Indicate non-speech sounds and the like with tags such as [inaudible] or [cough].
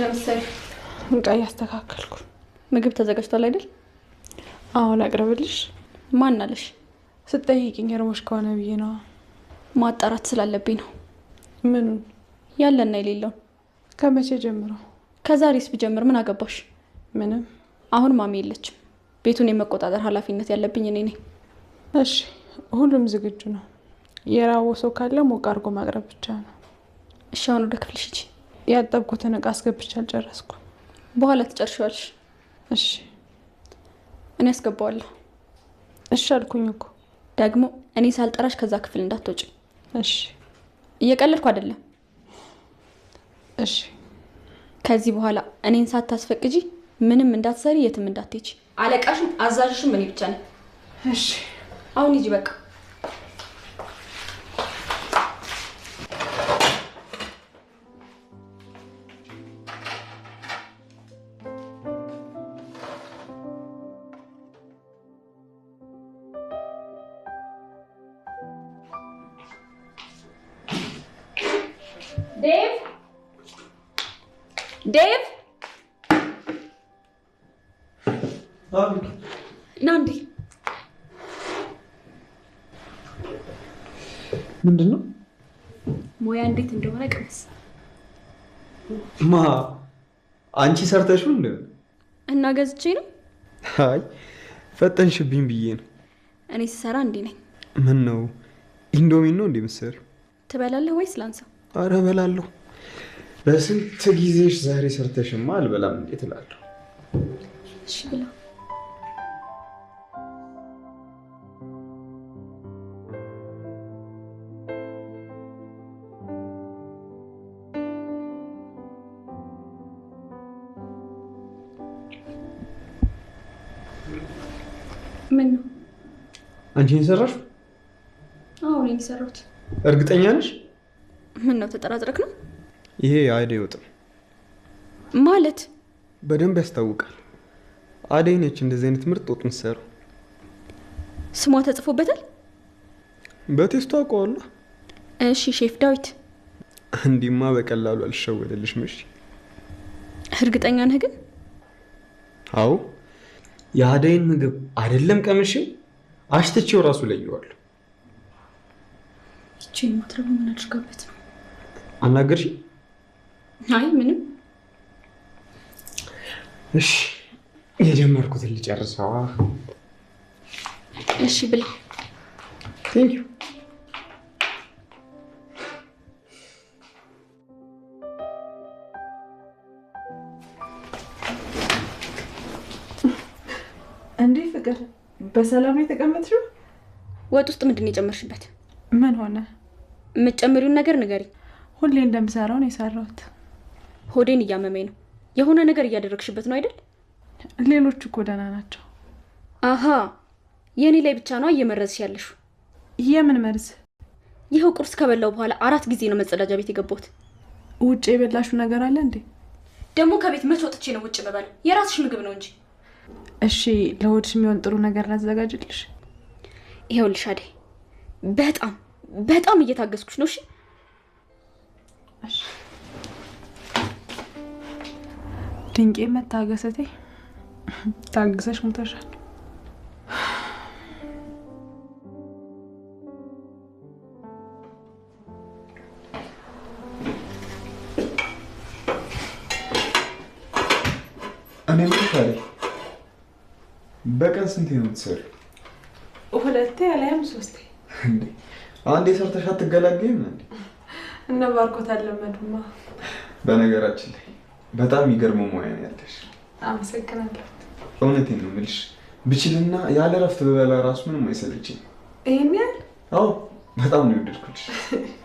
ለምሳሌ እቃ እያስተካከልኩ ምግብ ተዘጋጅቷል አይደል? አዎ ላቅርብልሽ። ማን አለሽ? ስትጠይቅኝ እርቦሽ ከሆነ ብዬ ነው ማጣራት ስላለብኝ ነው። ምኑን? ያለና የሌለውን። ከመቼ ጀምሮ? ከዛሬስ ብጀምር ምን አገባሽ? ምንም። አሁን ማሚ የለችም። ቤቱን የመቆጣጠር ኃላፊነት ያለብኝ እኔ ነኝ። እሺ፣ ሁሉም ዝግጁ ነው። የራቦ ሰው ካለ ሞቅ አድርጎ ማቅረብ ብቻ ነው። እሺ፣ አሁን ወደ ክፍልሽ ያጠብኩትን እቃ አስገብቼ አልጨረስኩም። በኋላ ትጨርሻዋለሽ። እሺ፣ እኔ አስገባዋለሁ። እሺ አልኩኝ እኮ። ደግሞ እኔ ሳልጠራሽ ከዛ ክፍል እንዳትወጪ እሺ። እየቀለድኩ አይደለም። እሺ፣ ከዚህ በኋላ እኔን ሳታስፈቅጂ ምንም እንዳትሰሪ፣ የትም እንዳትሄጂ። አለቃሽም አዛዥሽም እኔ ብቻ ነኝ። እሺ፣ አሁን ሂጂ በቃ። ዴቭ ዴቭ ና ምንድን ነው ሙያ እንዴት እንደሆነ ቅመስ። ማ አንቺ ሰርተሽው እንደ እና ገዝቼ ነው። አይ ፈጠንሽብኝ ብዬ ነው። እኔ ስሰራ እንዲህ ነኝ። ምን ነው ኢንዶሚን ነው እንዴ ትበላለህ ወይስ ላንሳው? አረ እበላለሁ። በስንት ጊዜሽ ዛሬ ሰርተሽማ አልበላም እንዴት እላለሁ። እሺ ብላ ምን ነው አንቺ የሰራሽ? አዎ እኔ የሰራሁት። እርግጠኛ ነሽ? ምን ነው ተጠራጥረክ ነው? ይሄ የአደይ ወጥ ማለት በደንብ ያስታውቃል። አደይ ነች እንደዚህ አይነት ምርጥ ወጥ ምሰሩ። ስሟ ተጽፎበታል። በቴስቱ አውቀዋለሁ። እሺ ሼፍ ዳዊት፣ እንዲማ በቀላሉ አልሸወደልሽም። እሺ እርግጠኛ ነህ ግን? አዎ የአደይን ምግብ አይደለም ቀምሼ አሽትቼው ራሱ ለየዋለሁ። ይቺ የምትረቡ ምን አድርጋበት ነው አናገርሽ? አይ ምንም። እሺ የጀመርኩትን ልጨርሰዋ። እሺ ብላ። እንዴ ፍቅር፣ በሰላም የተቀመጥሽው? ወጥ ውስጥ ምንድን ነው የጨመርሽበት? ምን ሆነ? የምትጨምሪውን ነገር ንገሪኝ። ሁሌ እንደምሰራው ነው የሰራሁት። ሆዴን እያመመኝ ነው። የሆነ ነገር እያደረግሽበት ነው አይደል? ሌሎቹ እኮ ደህና ናቸው። አሀ የእኔ ላይ ብቻ ነው እየመረዝሽ ያለሽ። የምን መርዝ? ይኸው ቁርስ ከበላው በኋላ አራት ጊዜ ነው መጸዳጃ ቤት የገባሁት። ውጭ የበላሹ ነገር አለ እንዴ? ደግሞ ከቤት መች ወጥቼ ነው ውጭ መባል? የራስሽ ምግብ ነው እንጂ። እሺ ለሆድሽ የሚሆን ጥሩ ነገር ላዘጋጅልሽ። ይኸውልሽ አዴ፣ በጣም በጣም እየታገስኩሽ ነው። እሺ ድንቄ መታገሰቴ ታግሰሽ ሙተሻል። እኔ ምታለ በቀን ስንቴ ነው የምትሰሪ? ሁለቴ አላይም ሶስቴ። አንዴ ሰርተሽ አትገላገይም እነ ባርኮት አለመዱማ በነገራችን ላይ በጣም ይገርም ሙያ ነው ያለሽ። አመሰግናለሁ። እውነቴን ነው የምልሽ ብችልና ያለ እረፍት ብበላ ራሱ ምንም አይሰለችኝ። ይሄን ያህል? አዎ፣ በጣም ነው የወደድኩልሽ። [laughs]